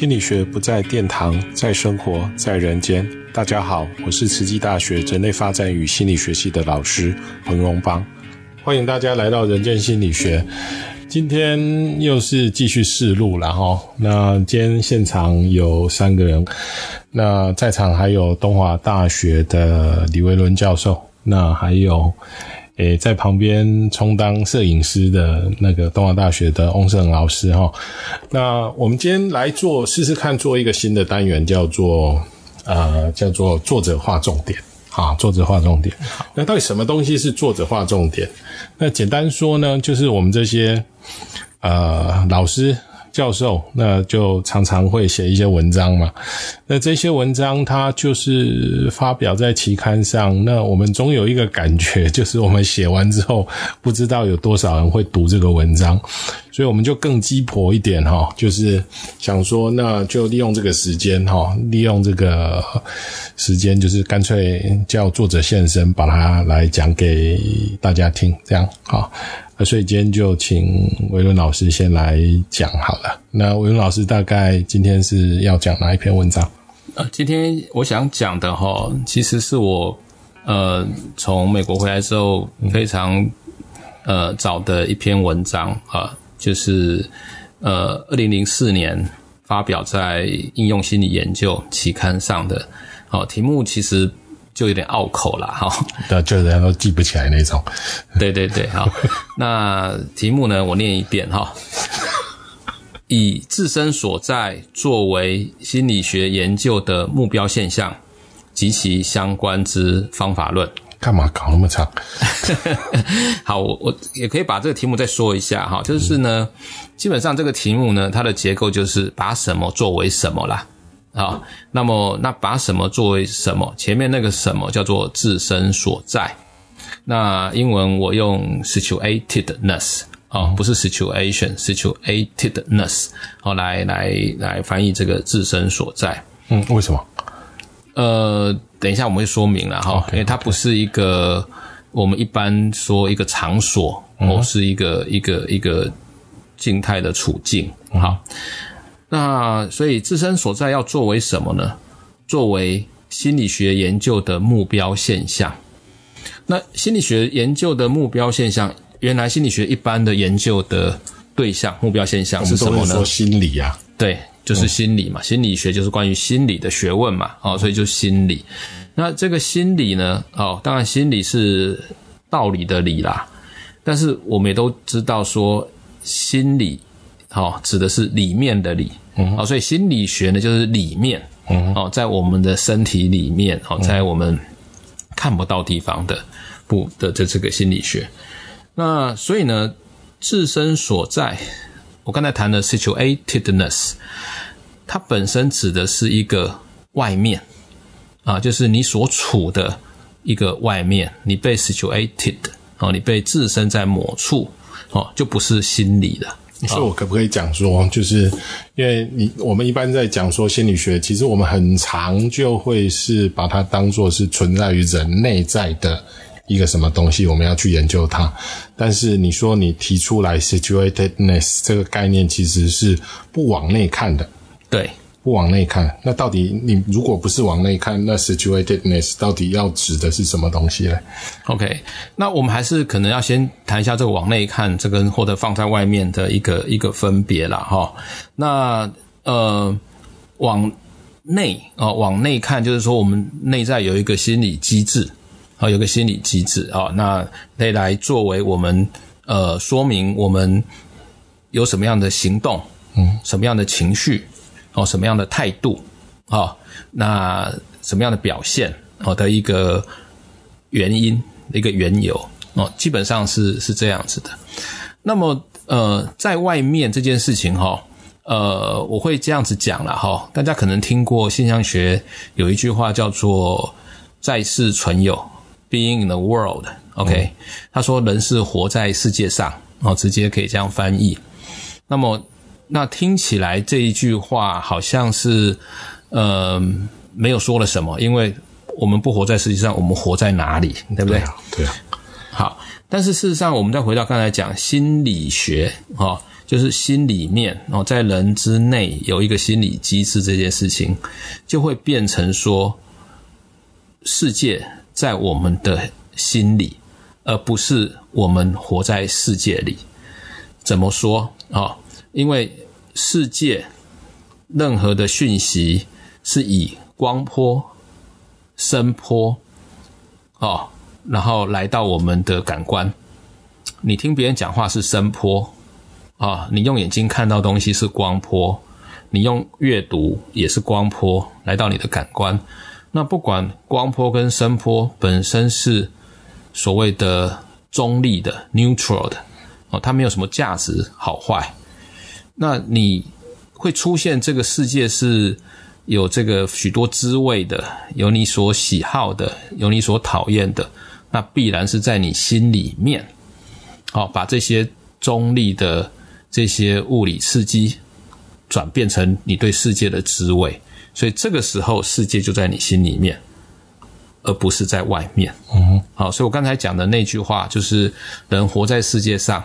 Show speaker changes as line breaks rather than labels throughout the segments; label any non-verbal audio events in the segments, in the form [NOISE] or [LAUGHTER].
心理學不在殿堂，在生活，在人間。大家好，我是慈濟大學人類發展與心理學系的老師彭榮邦，歡迎大家來到人間心理學。今天又是繼續試錄了哈，那今天現場有三個人，那在場還有東華大學的李維倫教授，那還有。誒、欸，在旁邊充當攝影師的那個東華大,大學的翁勝老師哈，那我們今天來做試試看做一個新的單元，叫做呃，叫做作者畫重點，啊，作者畫重點、嗯。那到底什麼東西是作者畫重點？那簡單說呢，就是我們這些呃老師。教授，那就常常會寫一些文章嘛。那這些文章，他就是發表在期刊上。那我們總有一個感覺，就是我們寫完之後，不知道有多少人會讀這個文章，所以我們就更雞婆一點哈，就是想說，那就利用這個時間哈，利用這個時間，就是乾脆叫作者現身，把它來講給大家聽，這樣哈。所以今天就請維倫老師先來講好了。那維倫老師大概今天是要講哪一篇文章？啊、
呃，今天我想講的哈，其實是我呃從美國回來之後非常呃早的一篇文章啊、呃，就是呃二零零四年發表在《應用心理研究》期刊上的。哦、呃，題目其實。就有點拗口了哈，
對、哦，就人家都記不起來那種。對
對對，哈，那題目呢，我念一遍哈。以置身所在作為心理學研究的目標現象及其相關之方法論，
幹嘛搞那麼長？
[LAUGHS] [LAUGHS] 好，我我也可以把這個題目再說一下哈，就是呢、嗯，基本上這個題目呢，它的結構就是把什麼作為什麼啦。好，那麼那把什麼作為什麼？前面那個什麼叫做置身所在？那英文我用 situatedness 啊，哦，不是 situation，situatedness，啊，哦，來來來翻譯這個置身所在。
嗯，為什麼？
呃，等一下我們會說明了哈，okay, okay. 因為它不是一個我們一般說一個場所，或、嗯，是一個一個一個靜態的處境，嗯，好。那所以置身所在要作為什麼呢？作為心理學研究的目標現象。那心理學研究的目標現象，原來心理學一般的研究的對象、目標現象是，啊，是什麼呢？說心理呀。對，就是心理嘛，嗯。心理學就是關於心理的學問嘛。哦，所以就心理。那這個心理呢？哦，當然心理是道理的理啦。但是我們也都知道說心理。好，指的是裡面的裡，好、嗯，所以心理學呢，就是裡面，嗯，哦，在我們的身體裡面，哦、嗯，在我們看不到地方的，不的這這個心理學，那所以呢，置身所在，我剛才談的 situatedness，它本身指的是一個外面，啊，就是你所處的一個外面，你被 situated 哦，你被置身在某處，哦，就不是心理了。
所以我可不可以講說，就是因為你我們一般在講說心理學，其實我們很常就會是把它當作是存在於人內在的一個什麼東西，我們要去研究它。但是你說你提出來 situatedness 這個概念，其實是不往內看的。對。不往內看，那到底你如果不是往內看，那 situatedness 到底要指的是什麼東西呢？
OK，那我們還是可能要先談一下這個往內看，這跟或者放在外面的一個一個分別啦。哈。那呃，往內啊、呃，往內看就是說我們內在有一個心理機制啊，有個心理機制啊、哦，那來來作為我們呃說明我們有什麼樣的行動，嗯，什麼樣的情緒。哦，什麼樣的態度啊？那什麼樣的表現哦，的一個原因，一個緣由哦，基本上是是這樣子的。那麼呃，在外面這件事情哈，呃，我會這樣子講了哈，大家可能聽過現象學有一句話叫做“在世存有 ”，being in the world，OK？Okay？他，嗯，說人是活在世界上哦，直接可以這樣翻譯。那麼。那聽起來這一句話好像是，呃，沒有說了什麼，因為我們不活在世界上，我們活在哪裡，對不對？對啊。對啊。好，但是事實上，我們再回到剛才講心理學哦，就是心裡面哦，在人之內有一個心理機制這件事情，就會變成說，世界在我們的心裡，而不是我們活在世界裡。怎麼說啊？哦因為世界任何的訊息是以光波、聲波，哦，然後來到我們的感官。你聽別人講話是聲波，啊、哦，你用眼睛看到東西是光波，你用閱讀也是光波來到你的感官。那不管光波跟聲波本身是所謂的中立的 neutral 的，哦，它沒有什麼價值好壞。那你會出現這個世界是有這個許多滋味的，有你所喜好的，有你所討厭的，那必然是在你心裡面。好，哦，把這些中立的這些物理刺激轉變成你對世界的滋味，所以這個時候世界就在你心裡面，而不是在外面。嗯，好，所以我剛才講的那句話就是，人活在世界上，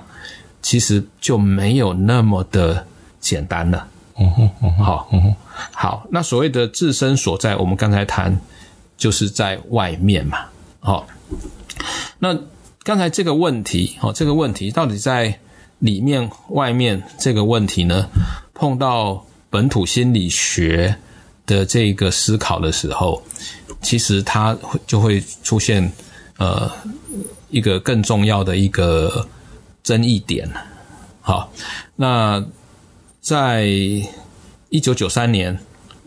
其實就沒有那麼的簡單了。嗯哼，嗯哼，好，嗯哼，好。那所謂的置身所在，我們剛才談就是在外面嘛。好，那剛才這個問題，哦，這個問題到底在裡面外面這個問題呢？碰到本土心理學的這個思考的時候，其實它就會出現呃一個更重要的一個。爭議點好，那在一九九三年，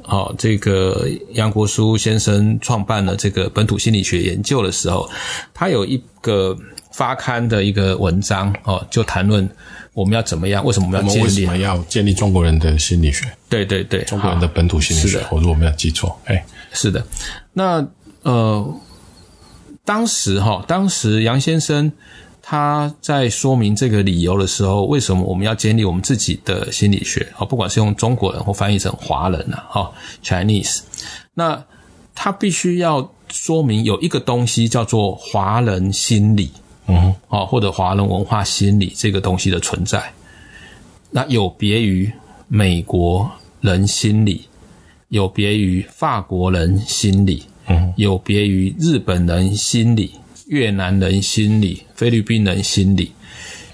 好、哦，這個楊國樞先生創辦了這個本土心理學研究的時候，他有一個發刊的一個文章哦，就談論我們要怎麼樣，為什麼我們要建立？我們為什麼
要建立中國人的心理學？對對對，中國人的本土心理學，啊、我如果沒有記錯，哎，是的，那
呃，當時哈，當時楊先生。他在說明這個理由的時候，為什麼我們要建立我們自己的心理學啊？不管是用中國人或翻譯成華人啊，哈，Chinese，那他必須要說明有一個東西叫做華人心理，嗯，啊，或者華人文化心理這個東西的存在，那有別於美國人心理，有別於法國人心理，嗯，有別於日本人心理。越南人心理、菲律賓人心理，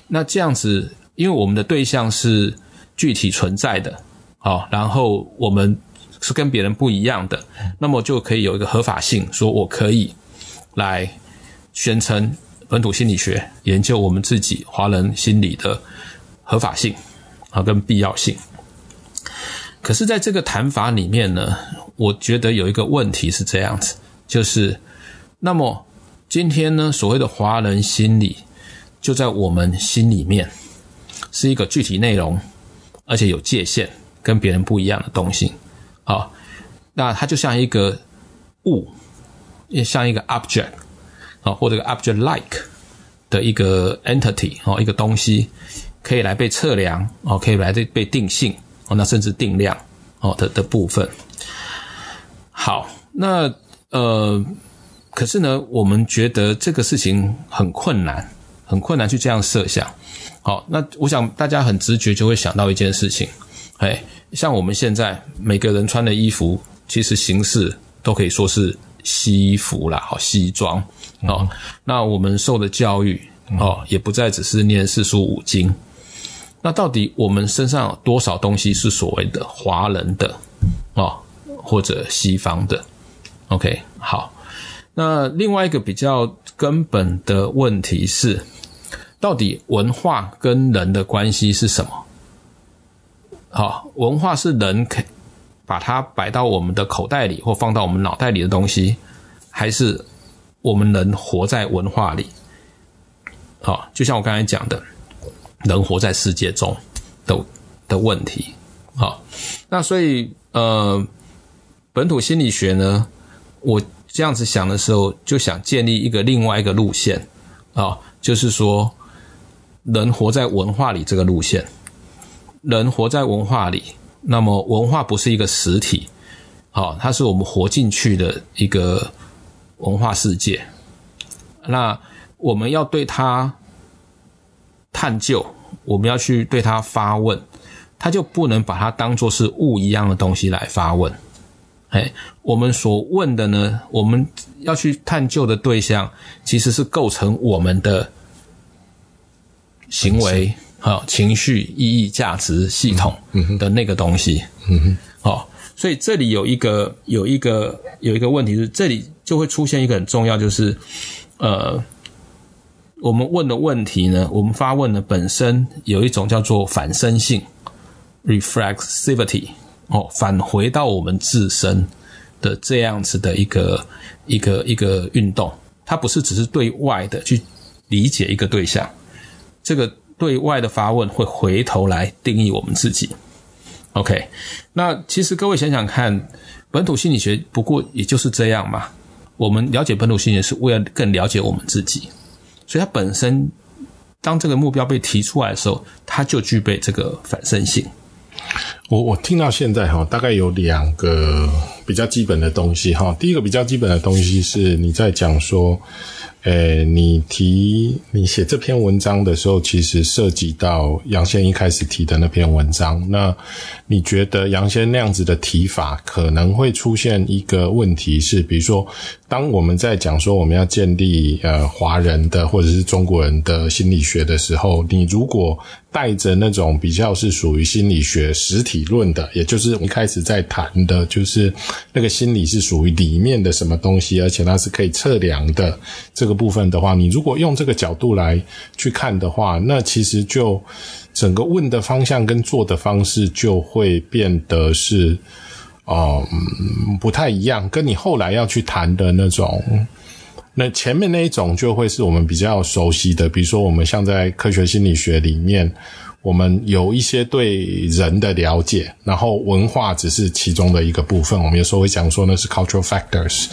那這樣子，因為我們的對象是具體存在的，好，然後我們是跟別人不一樣的，那麼就可以有一個合法性，說我可以來宣稱本土心理學研究我們自己華人心理的合法性啊，跟必要性。可是，在這個談法裡面呢，我覺得有一個問題是這樣子，就是那麼。今天呢，所謂的華人心理，就在我們心裡面，是一個具體內容，而且有界限，跟別人不一樣的東西。哦，那它就像一個物，也像一個 object，哦，或者一個 object like 的一個 entity，哦，一個東西，可以來被測量，哦，可以來被被定性，哦，那甚至定量，哦，的的部分。好，那呃。可是呢，我們覺得這個事情很困難，很困難去這樣設想。好、oh，那我想大家很直覺就會想到一件事情，哎、hey，像我們現在每個人穿的衣服，其實形式都可以說是西服啦，好西裝。哦、oh，那我們受的教育，哦、oh，也不再只是念四書五經。嗯、那到底我們身上有多少東西是所謂的華人的哦，oh, 或者西方的？OK，好。那另外一個比較根本的問題是，到底文化跟人的關係是什麼？好、哦，文化是人可把它擺到我們的口袋裡，或放到我們腦袋裡的東西，還是我們人活在文化裡？好、哦，就像我剛才講的，人活在世界中的的問題。好、哦，那所以呃，本土心理學呢，我。這樣子想的時候，就想建立一個另外一個路線，啊，就是說，人活在文化裡這個路線，人活在文化裡，那麼文化不是一個實體，好，它是我們活進去的一個文化世界，那我們要對它探究，我們要去對它發問，它就不能把它當作是物一樣的東西來發問。哎、hey，我們所問的呢，我們要去探究的對象，其實是構成我們的行為、好、情緒、意義、價值系統的那個東西。嗯哼，oh, 所以這裡有一個、有一個、有一個問題是，這裡就會出現一個很重要，就是呃，我們問的問題呢，我們發問的本身有一種叫做反身性 （reflexivity）。哦，返回到我們自身的這樣子的一個一個一個運動，它不是只是對外的去理解一個對象，這個對外的發問會回頭來定義我們自己。OK，那其實各位想想看，本土心理學不過也就是這樣嘛。我們了解本土心理學是為了更了解我們自己，所以它本身
當這個目標被提出來的時候，它就具備這個反身性。我我聽到現在哈，大概有兩個。比較基本的東西哈。第一個比較基本的東西是你在講說，誒、欸，你提你寫這篇文章的時候，其實涉及到楊先一開始提的那篇文章。那你覺得楊先那樣子的提法可能會出現一個問題是，比如說，當我們在講說我們要建立呃華人的或者是中國人的心理學的時候，你如果帶着那種比較是屬於心理學實體論的，也就是一開始在談的，就是。那個心理是屬於裡面的什麼東西，而且它是可以測量的這個部分的話，你如果用這個角度來去看的話，那其實就整個問的方向跟做的方式就會變得是，啊、呃，不太一樣。跟你後來要去談的那種，那前面那一種就會是我們比較熟悉的，比如說我們像在科學心理學裡面。我們有一些對人的了解，然後文化只是其中的一個部分。我們有時候會講說那是 cultural factors，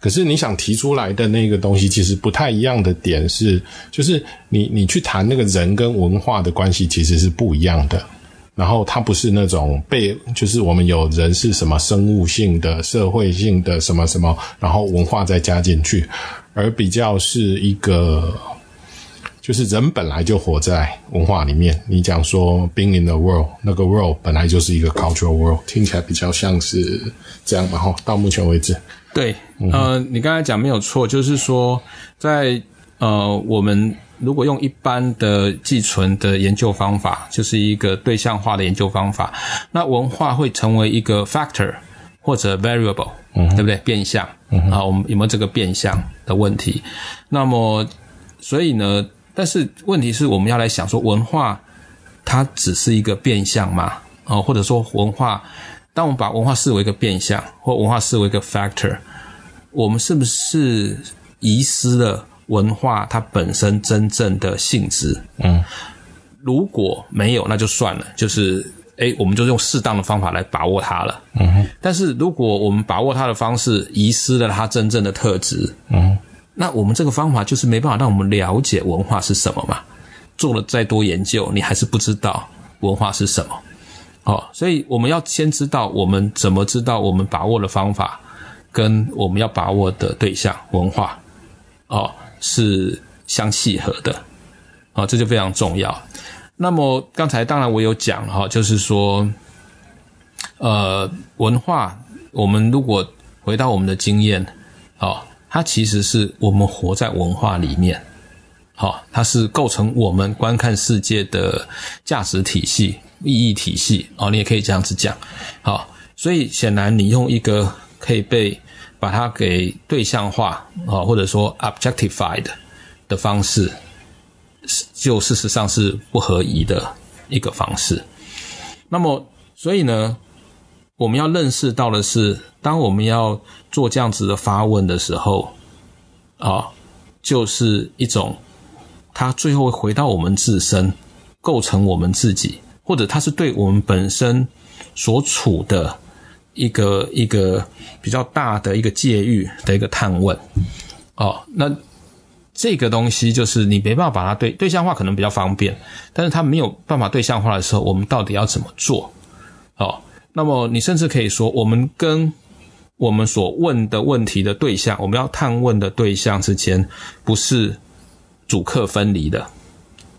可是你想提出來的那個東西，其實不太一樣的點是，就是你你去談那個人跟文化的關係，其實是不一樣的。然後它不是那種被，就是我們有人是什麼生物性的、社會性的什麼什麼，然後文化再加進去，而比較是一個。就是人本來就活在文化裡面。你講說 being in the world，那個 world 本來就是一個 cultural world，聽起來比較像是這樣吧。哈，到目前為止，對，嗯、呃，
你剛才講沒有錯，就是說在，在呃，我們如果用一般的寄存的研究方法，就是一個對象化的研究方法，那文化會成為一個 factor 或者 variable，嗯，對不對？變項、嗯，啊，我們有沒有這個變項的問題？那麼，所以呢？但是問題是我們要來想說，文化它只是一個變項嗎？呃，或者說文化，當我們把文化視為一個變項，或文化視為一個 factor，我們是不是遺失了文化它本身真正的性質？嗯，如果沒有，那就算了，就是誒，欸，我們就用適當的方法來把握它了。嗯哼，但是如果我們把握它的方式遺失了它真正的特質，嗯。那我們這個方法就是沒辦法讓我們了解文化是什麼嘛？做了再多研究，你還是不知道文化是什麼。哦，所以我們要先知道我們怎麼知道我們把握的方法跟我們要把握的對象文化哦是相契合的。哦，這就非常重要。那麼剛才當然我有講了哈，就是說，呃，文化，我們如果回到我們的經驗，哦。它其實是我們活在文化裡面，好，它是構成我們觀看世界的價值體系、意義體系，你也可以這樣子講，好，所以顯然你用一個可以被把它給對象化或者說 objectified 的方式，就事實上是不合宜的一個方式。那麼，所以呢，我們要認識到的是，當我們要做這樣子的發問的時候，啊、哦，就是一種，它最後回到我們自身，構成我們自己，或者它是對我們本身所處的一個一個比較大的一個界域的一個探問，哦，那這個東西就是你沒辦法把它對對象化，可能比較方便，但是它沒有辦法對象化的時候，我們到底要怎麼做？哦，那麼你甚至可以說，我們跟我們所問的問題的對象，我們要探問的對象之間，不是主客分離的，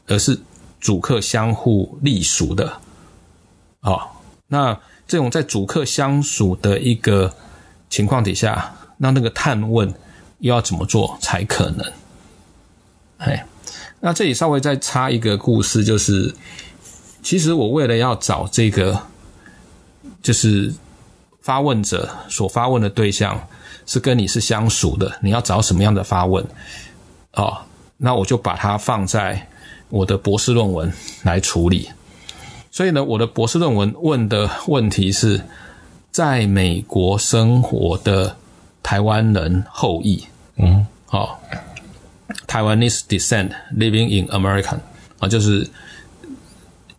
而是主客相互隸屬的。好、哦，那這種在主客相屬的一個情況底下，那那個探問又要怎麼做才可能？哎，那這裡稍微再插一個故事，就是其實我為了要找這個，就是。發問者所發問的對象是跟你是相熟的，你要找什麼樣的發問？哦，那我就把它放在我的博士論文來處理。所以呢，我的博士論文問的問題是，在美國生活的台灣人後裔，嗯，好、哦、Taiwanese descent living in America，啊，就是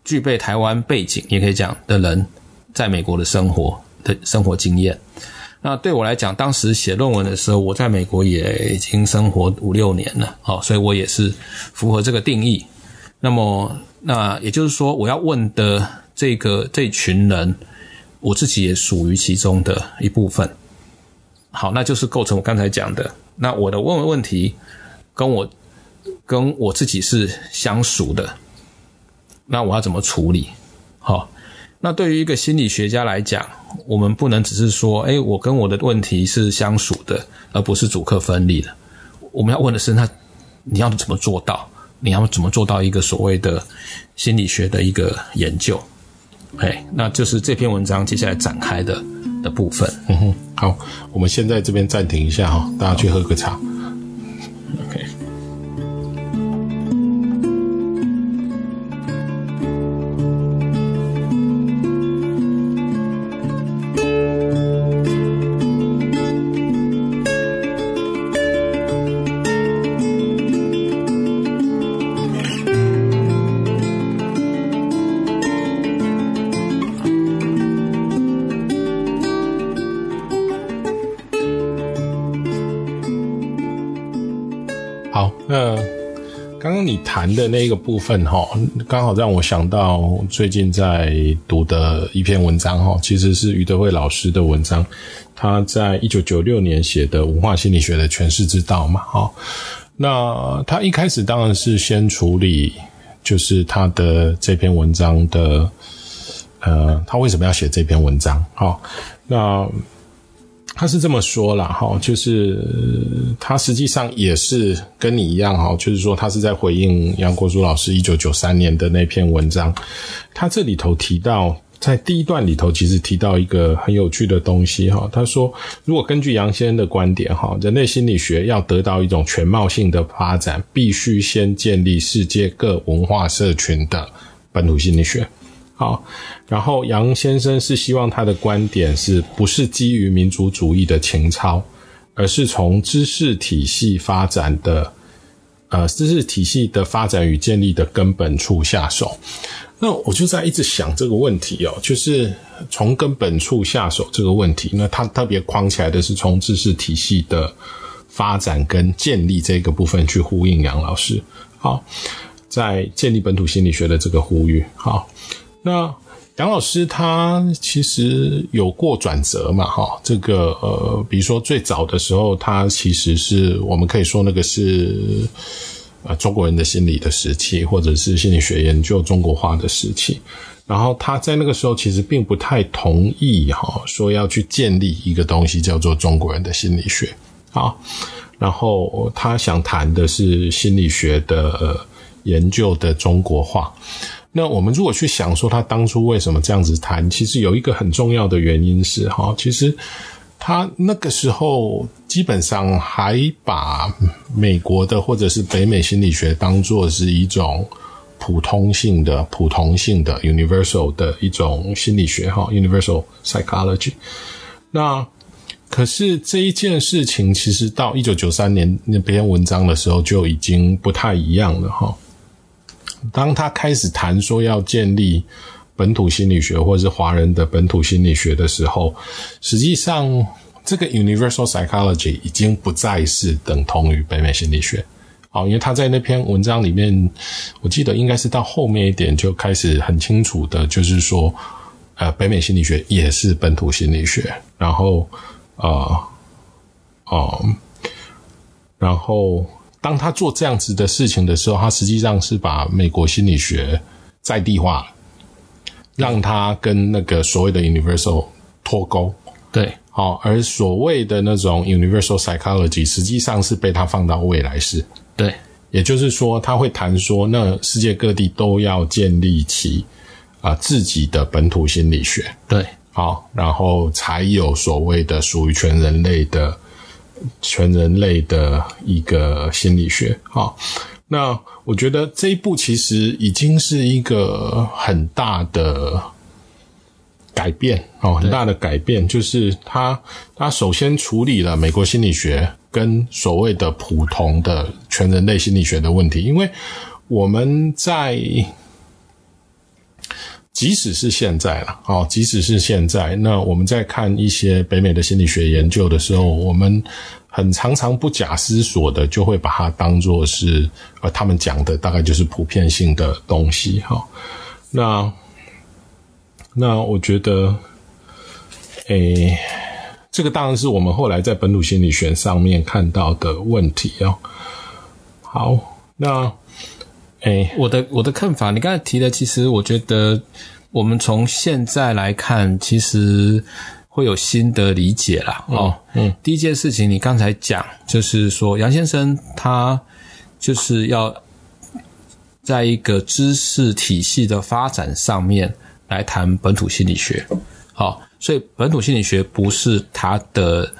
具備台灣背景，也可以講的人，在美國的生活。的生活經驗，那對我來講，當時寫論文的時候，我在美國也已經生活五六年了，好，所以我也是符合這個定義。那麼，那也就是說，我要問的這個這個群人，我自己也屬於其中的一部分。好，那就是構成我剛才講的。那我的問問題跟我跟我自己是相熟的，那我要怎麼處理？好，那對於一個心理學家來講。我們不能只是說，哎、欸，我跟我的問題是相屬的，而不是主客分離的。我們要問的是他，那你要怎麼做到？你要怎麼做到一個所謂的心理學的一個研究？哎、欸，那就是這篇文
章接下來展開的的部分。嗯哼，好，我們現在這邊暫停一下哈，大家去喝個茶。哦那一個部分哈，剛好讓我想到最近在讀的一篇文章哈，其實是余德慧老師的文章，他在一九九六年寫的《文化心理學的詮釋之道》嘛，哈。那他一開始當然是先處理，就是他的這篇文章的，呃，他為什麼要寫這篇文章？哈，那。他是這麼說了哈，就是他實際上也是跟你一樣哈，就是說他是在回應楊國樞老師一九九三年的那篇文章。他這裡頭提到，在第一段裡頭，其實提到一個很有趣的東西哈。他說，如果根據楊先生的觀點哈，人類心理學要得到一種全貌性的發展，必須先建立世界各文化社群的本土心理學。好，然後楊先生是希望他的觀點是不是基於民族主義的情操，而是從知識體系發展的，呃，知識體系的發展與建立的根本處下手。那我就在一直想這個問題哦，就是從根本處下手這個問題。那他特別框起來的是從知識體系的發展跟建立這個部分去呼應楊老師。好，在建立本土心理學的這個呼籲，好。那楊老師他其實有過轉折嘛，哈，這個呃，比如說最早的時候，他其實是我們可以說那個是呃中國人的心理的時期，或者是心理學研究中國化的時期。然後他在那個時候其實並不太同意哈，說要去建立一個東西叫做中國人的心理學。好，然後他想談的是心理學的研究的中國化。那我們如果去想說他當初為什麼這樣子談，其實有一個很重要的原因是哈，其實他那個時候基本上還把美國的或者是北美心理學當作是一種普通性的、普同性的 universal 的一種心理學哈，universal psychology。那可是這一件事情，其實到一九九三年那篇文章的時候就已經不太一樣了哈。當他開始談說要建立本土心理學或者是華人的本土心理學的時候，實際上這個 universal psychology 已經不再是等同於北美心理學。好、哦，因為他在那篇文章裡面，我記得應該是到後面一點就開始很清楚的，就是說，呃，北美心理學也是本土心理學，然後呃哦、呃，然後。當他做這樣子的事情的時候，他實際上是把美國心理學在地化，讓他跟那個所謂的 universal 脫鈎。對，好，而所謂的那種 universal psychology 實際上是被他放到未來式。對，也就是說他會談說，那世界各地都要建立起啊、呃、自己的本土心理學。對，好，然後才有所謂的屬於全人類的。全人類的一個心理學，好，那我覺得這一步其實已經是一個很大的改變哦，很大的改變，就是他他首先處理了美國心理學跟所謂的普通的全人類心理學的問題，因為我們在。即使是現在了，即使是現在，那我們在看一些北美的心理學研究的時候，我們很常常不假思索的就會把它當作是，呃，他們講的大概就是普遍性的東西，哈。那那我覺得，誒、欸，這個當然是我們後來在本土心理學上面看到的問題哦。好，那。哎，我
的我的看法，你剛才提的，其實我覺得我們從現在來看，其實會有新的理解啦，哦、嗯。嗯，第一件事情，你剛才講就是說，楊先生他就是要在一個知識體系的發展上面來談本土心理學，好，所以本土心理學不是他的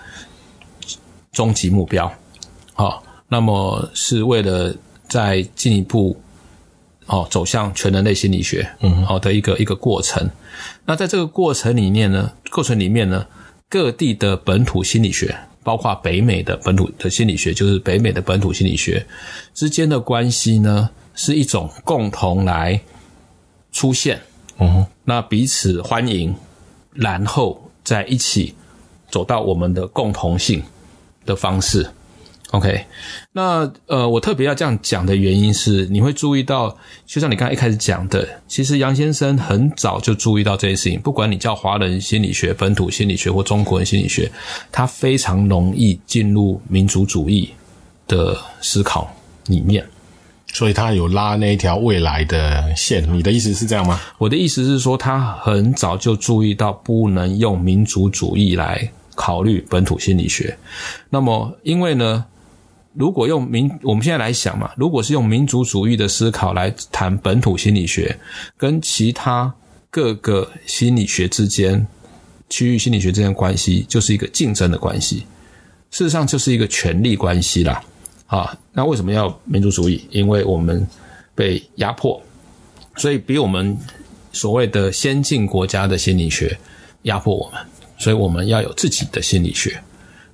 終極目標，好，那麼是為了再進一步。哦，走向全人類心理學，嗯，好的一個、嗯、一個過程。那在這個過程裡面呢，過程裡面呢，各地的本土心理學，包括北美的本土的心理學，就是北美的本土心理學之間的關係呢，是一種共同來出現，哦、嗯，那彼此歡迎，然後在一起走到我們的共同性的方式。OK，那呃，我特別要這樣講的原因是，你會注意到，就像你剛才一開始講的，其實楊先生很早就注意到這件事情。不管你叫華人心理學、本土心理學或中國人心理學，他非常容易進入民族
主義的思考裡面，所以他有拉那一條未來的線。你的意思是這樣嗎？我的意思是說，他很早就注意到不
能用民族主義來考慮本土心理學。那麼，因為呢，如果用民，我們現在來想嘛，如果是用民族主義的思考來談本土心理學，跟其他各個心理學之間、區域心理學之間關係，就是一個競爭的關係。事實上，就是一個權力關係啦。啊，那為什麼要民族主義？因為我們被壓迫，所以比我們所謂的先進國家的心理學壓迫我們，所以我們要有自己的心理學。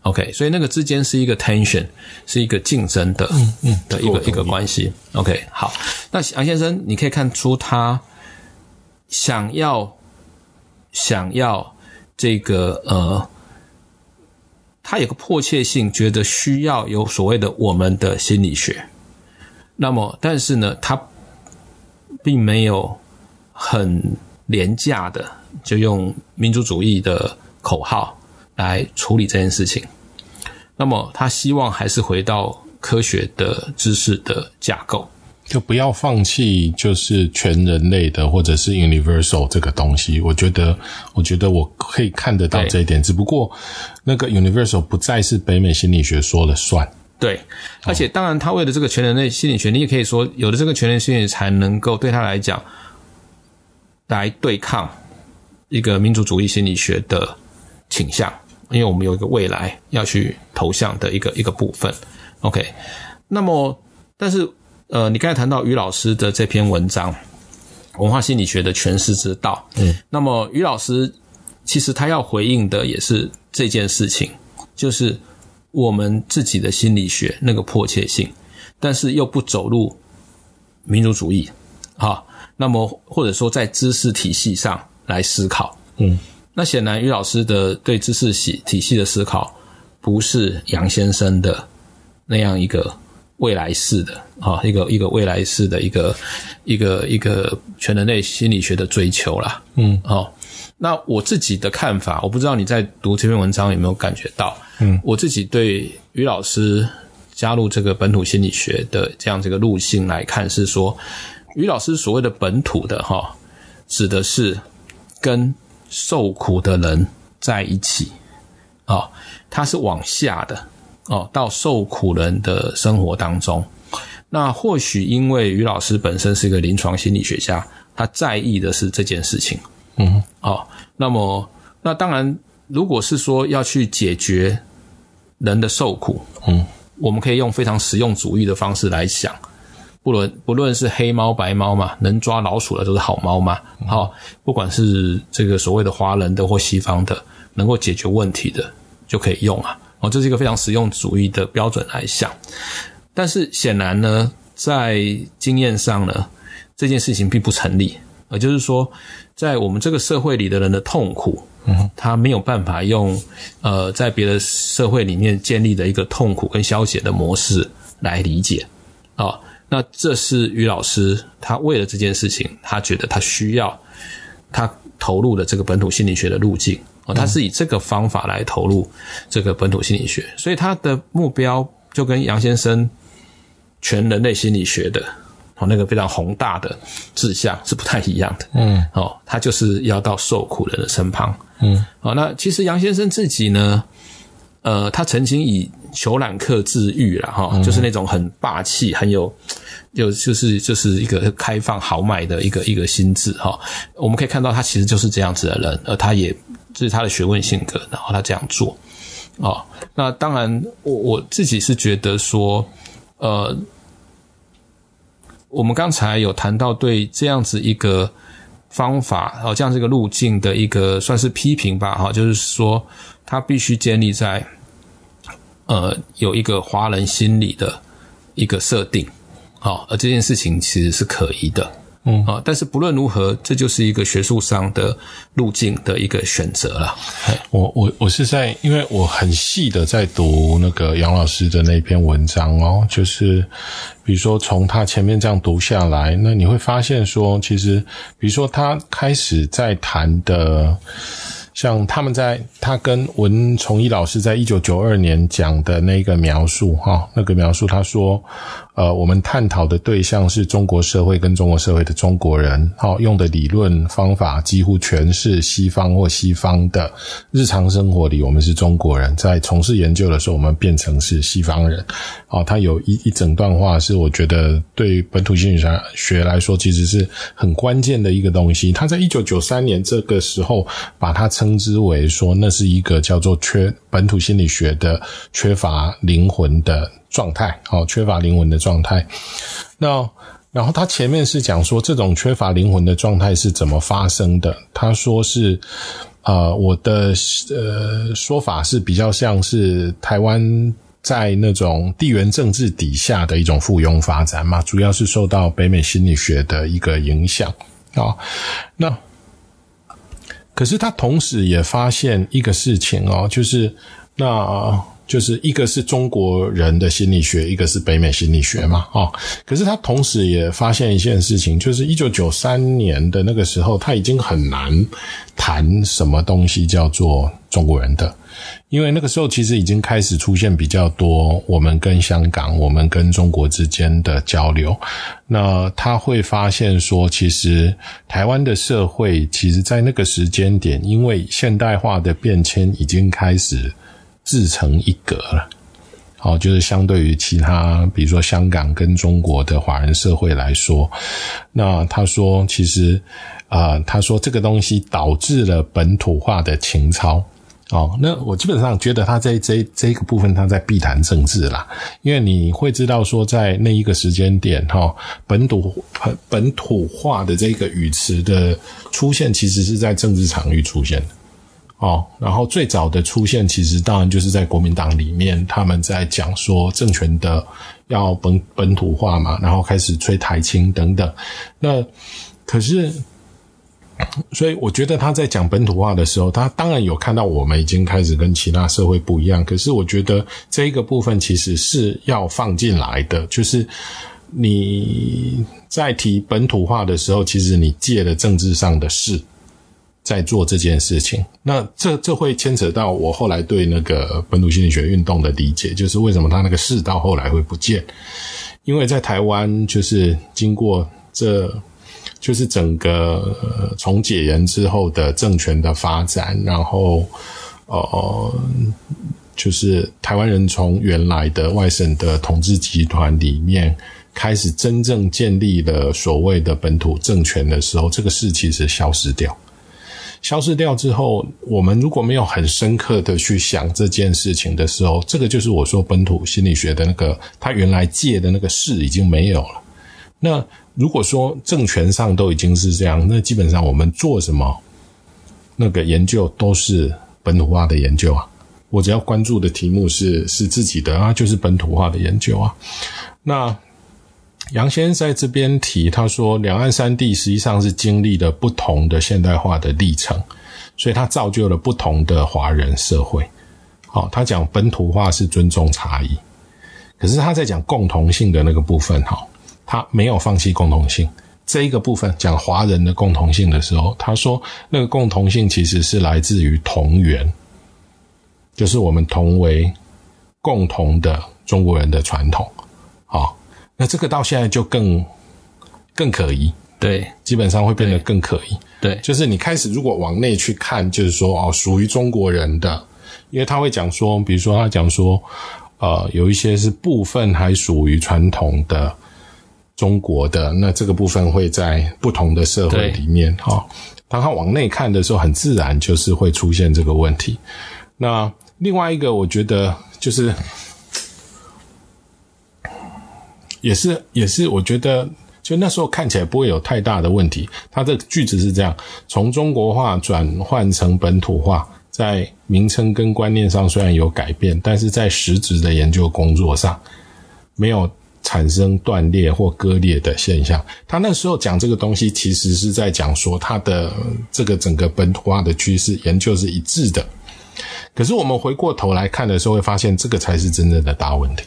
OK，所以那個之間是一個 tension，是一個競爭的，嗯嗯，的一個一個關係。OK，好，那楊先生，你可以看出他想要想要這個呃，他有個迫切性，覺得需要有所謂的我們的心理學。那麼，但是呢，他並沒有很廉價的，就用民族主義的口號，來處理這件事情，那麼他希望還是回到科學的知識的架構，
就不要放棄就是全人類的或者是 universal 這個東西。我覺得，我覺得我可以看得到這一點，只不過那個 universal 不再是北美心理學說了算。
對，而且當然，他為了這個全人類心理學，你也可以說有了這個全人類心理學，才能夠對他來講來對抗一個民族主義心理學的傾向。因為我們有一個未來要去投向的一個一個部分，OK。那麼，但是，呃，你剛才談到余老師的這篇文章，文化心理學的詮釋之道，嗯。那麼，余老師其實他要回應的也是這件事情，就是我們自己的心理學那個迫切性，但是又不走入民族主，主義啊、哦。那麼，或者說在知識體系上來思考，嗯。那顯然，余老師的對知識系體系的思考，不是楊先生的那樣一個未來式的啊，一個一個未來式的一個一個一個全人類心理學的追求啦。嗯，好、哦。那我自己的看法，我不知道你在讀這篇文章有沒有感覺到。嗯，我自己對於余老師加入這個本土心理學的這樣這個路徑來看，是說，余老師所謂的本土的哈、哦，指的是跟。受苦的人在一起哦，他是往下的哦，到受苦人的生活當中。那或許因為余老師本身是一個臨床心理學家，他在意的是這件事情。嗯，好、哦。那麼，那當然，如果是說要去解決人的受苦，嗯，我們可以用非常實用主義的方式來想。不論不論是黑貓白貓嘛，能抓老鼠的都是好貓嘛，哦。不管是這個所謂的華人的或西方的，能夠解決問題的就可以用啊。哦，這是一個非常實用主義的標準來想。但是顯然呢，在經驗上呢，這件事情並不成立。也就是說，在我們這個社會裡的人的痛苦，嗯，他沒有辦法用呃，在別的社會裡面建立的一個痛苦跟消解的模式來理解啊。哦那這是余老師，他為了這件事情，他覺得他需要他投入的這個本土心理學的路徑哦，他是以這個方法來投入這個本土心理學，所以他的目標就跟楊先生全人類心理學的那個非常宏大的志向是不太一樣的，嗯，哦，他就是要到受苦人的身旁，嗯，那其實楊先生自己呢，呃，他曾經以求懶克治癒了哈，就是那種很霸氣很有。有，就是就是一個開放豪邁的一個一個心智哈、哦。我們可以看到，他其實就是這樣子的人，而他也這是他的學問性格，然後他這樣做哦，那當然我，我我自己是覺得說，呃，我們剛才有談到對這樣子一個方法，哦，這樣子一個路徑的一個算是批評吧，哈、哦，就是說他必須建立在呃有一個華人心理的一個設定。好、哦，而這件事情其實是可疑的，嗯啊、哦，但是不論如何，這就是一個學術上的路徑的一個選擇
了。我我我是在，因為我很細的在讀那個楊老師的那篇文章哦，就是比如說從他前面這樣讀下來，那你會發現說，其實比如說他開始在談的，像他們在他跟文崇一老師在一九九二年講的那個描述，哈、哦，那個描述，他說。呃，我們探討的對象是中國社會跟中國社會的中國人，好、哦、用的理論方法幾乎全是西方或西方的。日常生活裡，我們是中國人，在從事研究的時候，我們變成是西方人。啊、哦，他有一一整段話是我覺得對於本土心理學來說，其實是很關鍵的一個東西。他在一九九三年這個時候，把它稱之為說，那是一個叫做缺本土心理學的缺乏靈魂的。狀態好，缺乏靈魂的狀態。那然後他前面是講說，這種缺乏靈魂的狀態是怎麼發生的？他說是啊、呃，我的呃說法是比較像是台灣在那種地緣政治底下的一種附庸發展嘛，主要是受到北美心理學的一個影響啊、哦。那可是他同時也發現一個事情哦，就是那。就是一個是中國人的心理學，一個是北美心理學嘛，啊、哦，可是他同時也發現一件事情，就是一九九三年的那個時候，他已經很難談什麼東西叫做中國人的，因為那個時候其實已經開始出現比較多我們跟香港、我們跟中國之間的交流，那他會發現說，其實台灣的社會其實在那個時間點，因為現代化的變遷已經開始。自成一格了，好、哦，就是相對於其他，比如說香港跟中國的華人社會來說，那他說其實啊、呃，他說這個東西導致了本土化的情操，哦，那我基本上覺得他這這這個部分他在避談政治啦，因為你會知道說在那一個時間點哈、哦，本土本土化的這個語詞的出現，其實是在政治場域出現的。哦，然後最早的出現其實當然就是在國民黨裡面，他們在講說政權的要本本土化嘛，然後開始吹台青等等。那可是，所以我覺得他在講本土化的時候，他當然有看到我們已經開始跟其他社會不一樣。可是我覺得這一個部分其實是要放進來的，就是你在提本土化的時候，其實你借了政治上的勢。在做這件事情，那這這會牽扯到我後來對那個本土心理學運動的理解，就是為什麼他那個勢到後來會不見？因為在台灣，就是經過這，就是整個從、呃、解嚴之後的政權的發展，然後，呃，就是台灣人從原來的外省的統治集團裡面開始真正建立了所謂的本土政權的時候，這個勢其實消失掉。消失掉之後，我們如果沒有很深刻的去想這件事情的時候，這個就是我說本土心理學的那個，他原來借的那個勢已經沒有了。那如果說政權上都已經是這樣，那基本上我們做什麼那個研究都是本土化的研究啊。我只要關注的題目是是自己的啊，就是本土化的研究啊。那。楊先生在這邊提，他說兩岸三地實際上是經歷了不同的現代化的歷程，所以他造就了不同的華人社會。好，他講本土化是尊重差異，可是他在講共同性的那個部分，哈，他沒有放棄共同性這一個部分。講華人的共同性的時候，他說那個共同性其實是來自於同源，就是我們同為共同的中國人的傳統。那這個到現在就更更可疑，對，基本上會變得更可疑，對，對就是你開始如果往內去看，就是說哦，屬於中國人的，因為他會講說，比如說他講說，呃，有一些是部分還屬於傳統的中國的，那這個部分會在不同的社會裡面哈、哦，當他往內看的時候，很自然就是會出現這個問題。那另外一個，我覺得就是。也是也是，也是我覺得就那時候看起來不會有太大的問題。他的句子是這樣：從中國化轉換成本土化，在名稱跟觀念上雖然有改變，但是在實質的研究工作上沒有產生斷裂或割裂的現象。他那時候講這個東西，其實是在講說他的這個整個本土化的趨勢研究是一致的。可是我們回過頭來看的時候，會發現這個才是真正的大問題。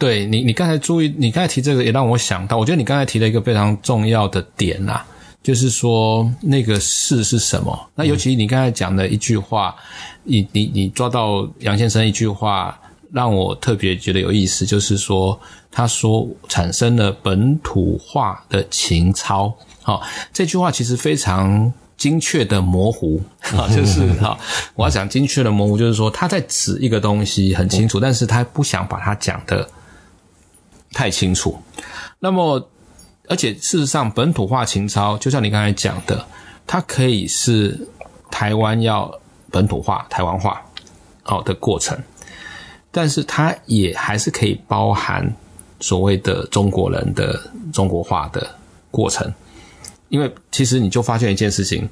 對，你，你剛才注意，你剛才提這個也讓我想到，我覺得你剛才提了一個非常重要的
點啊，就是說那個事是什麼？那尤其你剛才講的一句話，你你你抓到楊先生一句話，讓我特別覺得有意思，就是說他說產生了本土化的情操，好、哦，這句話其實非常精確的模糊、哦、就是啊、哦，我要講精確的模糊，就是說他在指一個東西很清楚，但是他不想把它講的。太清楚。那麼，而且事實上，本土化情操就像你剛才講的，它可以是台灣要本土化、台灣化哦的過程，但是它也還是可以包含所謂的中國人的中國化的過程。因為其實你就發現一件事情：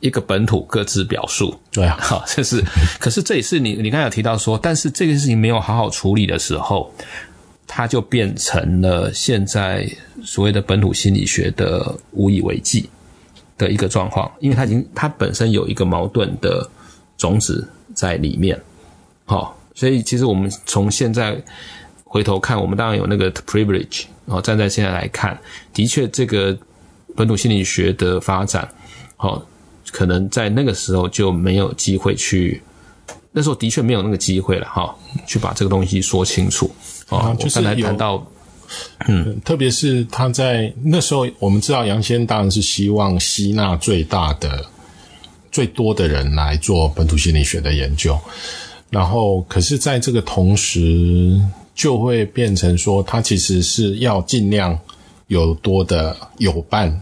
一個本土各自表述，對啊，好，這是。可是這也是你你剛才有提到說，但是這件事情沒有好好處理的時候。它就變成了現在所謂的本土心理學的無以為繼的一個狀況，因為它已經它本身有一個矛盾的種子在裡面。好，所以其實我們從現在回頭看，我們當然有那個 privilege 哦，站在現在來看，的確這個本土心理學的發展，哦，可能在那個時候就沒有機會去，那時候的確沒有那個機會了，哈，去把這個東西說清楚。
啊，就是來談到、呃是，嗯，特別是他在那時候，我們知道楊先生當然是希望吸納最大的、最多的人來做本土心理學的研究，然後可是，在這個同時，就會變成說，他其實是要儘量有多的有伴，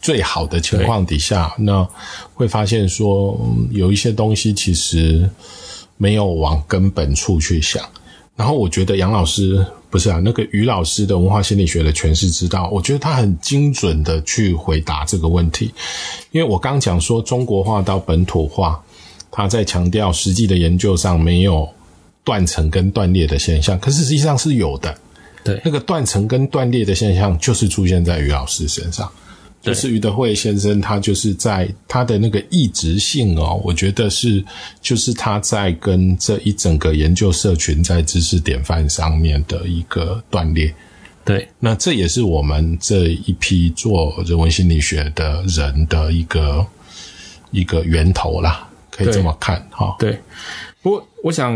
最好的情況底下，那會發現說，嗯，有一些東西其實沒有往根本處去想。然後我覺得楊老師不是啊，那個余老師的文化心理學的詮釋之道，我覺得他很精準的去回答這個問題。因為我剛講說中國化到本土化，他在強調實際的研究上沒有斷層跟斷裂的現象，可是實際上是有的。對，那個斷層跟斷裂的現象就是出現在余老師身上。就是余德慧先生，他就是在他的那個異質性哦，我覺得是，就是他在跟這一整個研究社群在知識典範上面的一個斷裂。對，那這也是我們這一批做人文心理學的人的一個一個源頭啦，可以這麼看哈。對，對，
不過我想，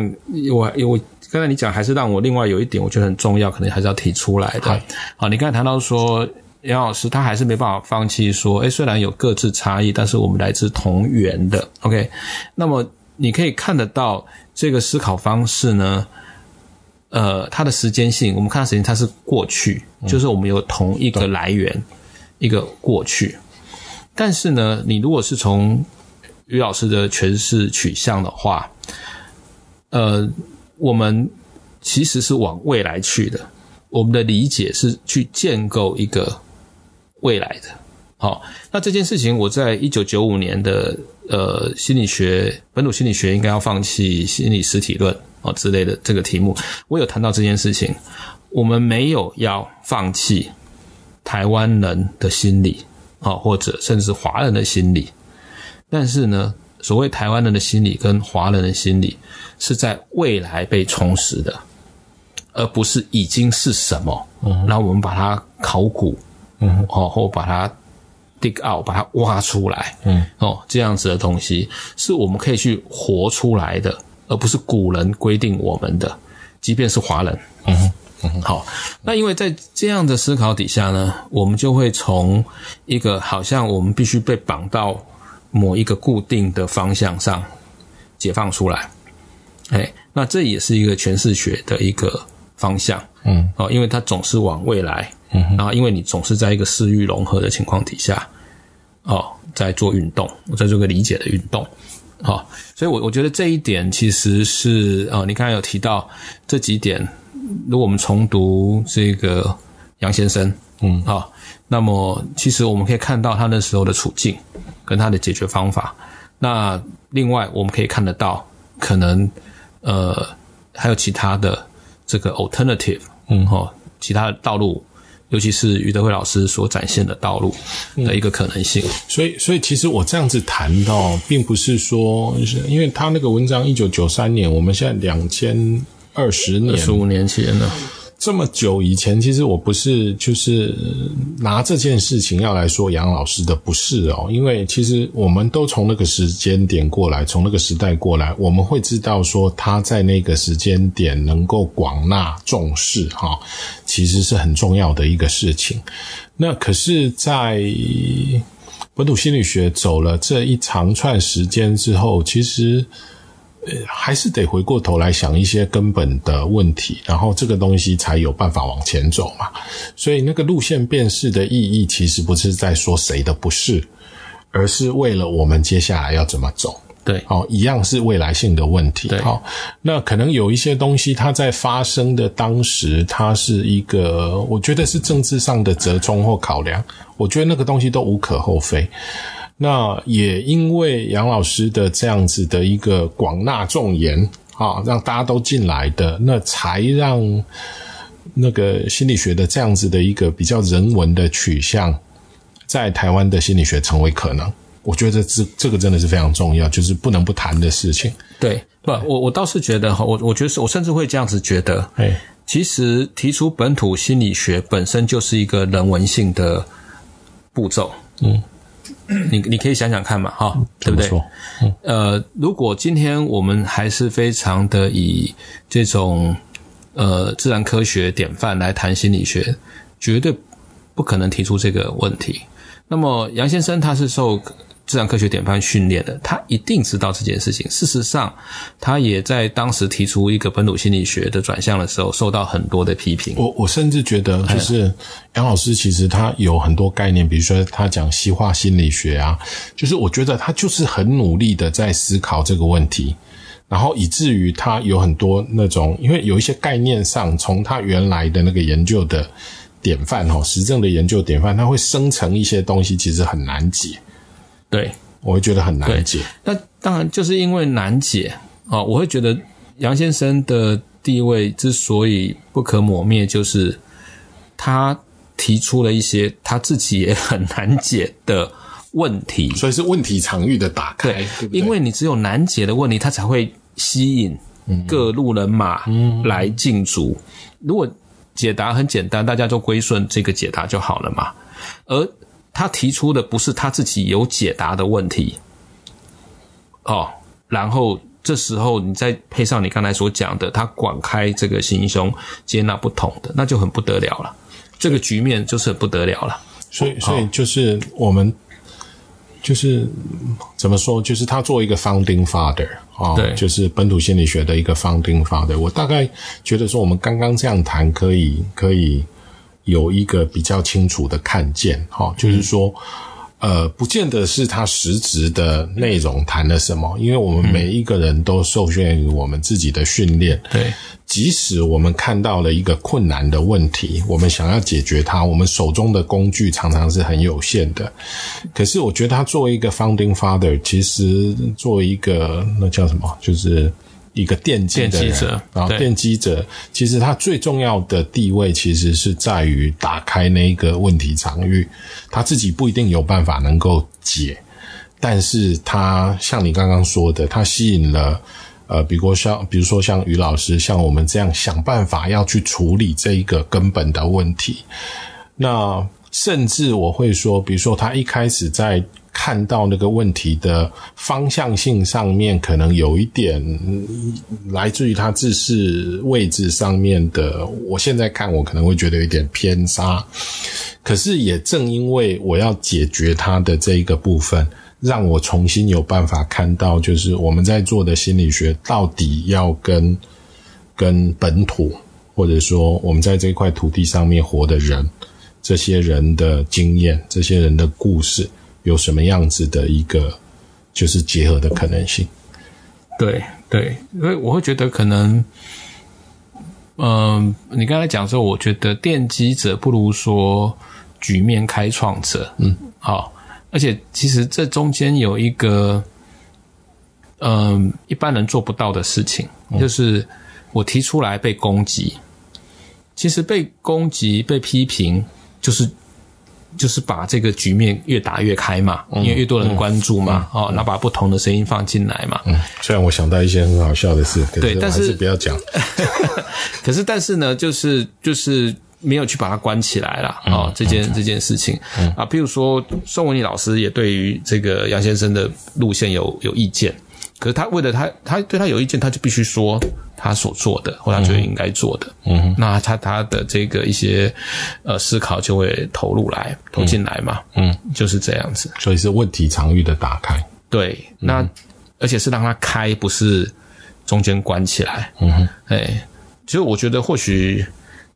我我剛才你講，還是讓我另外有一點，我覺得很重要，可能還是要提出來的。好，你剛才談到說。楊老師他還是沒辦法放棄說，哎，雖然有各自差異，但是我們來自同源的，OK。那麼你可以看得到這個思考方式呢，呃，它的時間性，我們看到時間它是過去，就是我們有同一個來源，嗯、一個過去。但是呢，你如果是從余老師的詮釋取向的話，呃，我們其實是往未來去的，我們的理解是去建構一個。未來的，好，那這件事情我在一九九五年的呃心理學，本土心理學，應該要放棄心理實體論哦之類的這個題目，我有談到這件事情。我們沒有要放棄台灣人的心理啊，或者甚至是華人的心理，但是呢，所謂台灣人的心理跟華人的心理是在未來被重拾的，而不是已經是什麼，那、嗯、我們把它考古。嗯，哦，或把它 dig out，把它挖出來，嗯，哦，這樣子的東西是我們可以去活出來的，而不是古人規定我們的，即便是華人，嗯嗯，好，那因為在這樣的思考底下呢，我們就會從一個好像我們必須被綁到某一個固定的方向上解放出來，哎、欸，那這也是一個詮釋學的一個方向，嗯，哦，因為它總是往未來。嗯，然後因為你總是在一個視域融合的情況底下，哦，在做運動，我在做個理解的運動，哦，所以我我覺得這一點其實是，呃、哦，你剛才有提到這幾點，如果我們重讀這個楊先生，嗯，好，那麼其實我們可以看到他那時候的處境跟他的解決方法，那另外我們可以看得到，可能，呃，還有其他的這個 alternative，嗯、哦、哈，其他的道路。尤其是余德慧老師所展現的道路的一個可能性、嗯，
所以，所以其實我這樣子談到，並不是說，是因為他那個文章一九九三年，我們現在兩千二十年，二十五年前了。這麼久以前，其實我不是就是拿這件事情要來說楊老師的不是哦，因為其實我們都從那個時間點過來，從那個時代過來，我們會知道說他在那個時間點能夠廣納眾士哈，其實是很重要的一個事情。那可是，在本土心理學走了這一長串時間之後，其實。呃，還是得回過頭來想一些根本的問題，然後這個東西才有辦法往前走嘛。所以那個路線辨識的意義，其實不是在說誰的不是，而是為了我們接下來要怎麼走。對，好、哦，一樣是未來性的問題。好、哦，那可能有一些東西，它在發生的當時，它是一個，我覺得是政治上的折中或考量。我覺得那個東西都無可厚非。那也因為楊老師的這樣子的一個廣納眾言啊，讓大家都進來的，那才讓那個心理學的這樣子的一個比較人文的取向，在台灣的心理學成為可能。我覺得這這個真的是非常重要，就是不能不談的事情。
對，不，我我倒是覺得哈，我我覺得是我甚至會這樣子覺得，哎，其實提出本土心理學本身就是一個人文性的步驟，嗯。你你可以想想看嘛，哈，對不對？嗯，呃，如果今天我們還是非常的以這種呃自然科學典範來談心理學，絕對不可能提出這個問題。那麼楊先生他是受自然科學典範訓練的，他一定知道這件事情。事實上，他也在當時提出一個本土心理學的轉向的時候，受到很多的
批評。我我甚至覺得，就是楊老師其實他有很多概念，比如說他講西化心理學啊，就是我覺得他就是很努力的在思考這個問題，然後以至於他有很多那種，因為有一些概念上從他原來的那個研究的典範哦，實證的研究典範，它會生成一些東西，其實很難解。對，我會覺得很
難解。那當然就是因為難解啊、哦，我會覺得楊先生的地位之所以不可磨滅，就是他提出了一些他自己也很難解的問題。所以是問題場域的打開，對對，因為你只有難解的問題，他才會吸引各路人馬來進駐、嗯嗯嗯。如果解答很簡單，大家就歸順這個解答就好了嘛。而他提出的不是他自己有解答的問題，哦，然後這時候你再配上你剛才所講的，他廣開這個心胸，接納不同的，那就很不得了了。這個局面就是很不得了了。所以，所以
就是我們就是怎麼說，就是他做一個 founding father 啊，哦，對，就是本土心理學的一個 founding father。我大概覺得說，我們剛剛這樣談，可以，可以。有一個比較清楚的看見，哈，就是說，呃，不見得是他實質的內容談了什麼，因為我們每一個人都受限於我們自己的訓練，即使我們看到了一個困難的問題，我們想要解決它，我們手中的工具常常是很有限的，可是我覺得他作為一個 founding father，其實作為一個那叫什麼，就是。一個奠基者，然後奠基者，其實他最重要的地位，其實是在於打開那一個問題場域，他自己不一定有辦法能夠解，但是他像你剛剛說的，他吸引了呃，比如像比如說像余老師，像我們這樣想辦法要去處理這一個根本的問題，那甚至我會說，比如說他一開始在。看到那個問題的方向性上面，可能有一點來自於他自視位置上面的。我現在看，我可能會覺得有點偏差。可是也正因為我要解決他的這一個部分，讓我重新有辦法看到，就是我們在做的心理學到底要跟跟本土，或者說我們在這塊土地上面活的人，這些人的經驗，這些人的故事，有什麼樣子的一個就是結合的可能性？
對對，因為我會覺得可能，嗯、呃，你剛才講說，我覺得奠基者不如說局面開創者，嗯，好、哦，而且其實這中間有一個，嗯、呃，一般人做不到的事情，就是我提出來被攻擊，其實被攻擊被批評就是。就是把這個局面越打越開嘛，嗯、因為越多人關注嘛，嗯、哦，然後把不同的聲音放進來嘛。嗯，
雖然我想到一些很好笑的事，可是我還是對，但是不要講。
[LAUGHS] 可是，但是呢，就是就是沒有去把它關起來啦、嗯、哦，這件、嗯、這件事情、嗯、啊，譬如說，宋文里老師也對於這個楊先生的路線有有意見。可是他為了他，他對他有意見，他就必須說他所做的或他覺得應該做的。嗯，那他他的這個一些呃思考就會投入來投進來嘛嗯。
嗯，就是這樣子。所以是問題場域的打開。
對，那、嗯、而且是讓他開，不是中間關起來。
嗯
哼，哎，其實我覺得或許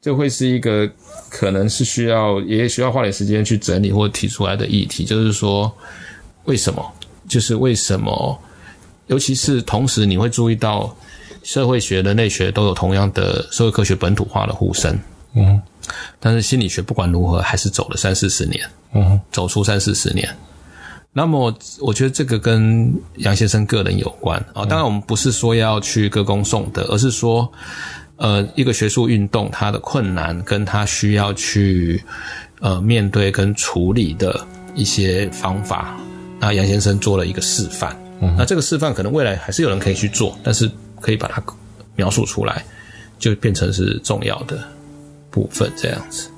這會是一個可能是需要也需要花點時間去整理或提出來的議題，就是說為什麼？就是為什麼？尤其是同時，你會注意到社會學、人類學都有同樣的社會科學本土化的呼聲。嗯，但是心理學不管如何，還是走了三四十年。嗯，走出三四十年。那麼，我覺得這個跟楊先生個人有關啊。當然，我們不是說要去歌功頌德，而是說，呃，一個學術運動它的困難，跟他需要去呃面對跟處理的一些方法，那楊先生做了一個示範。那這個示範可能未來還是有人可以去做，但是可以把它描述出來，就變成是重要的部分這樣子。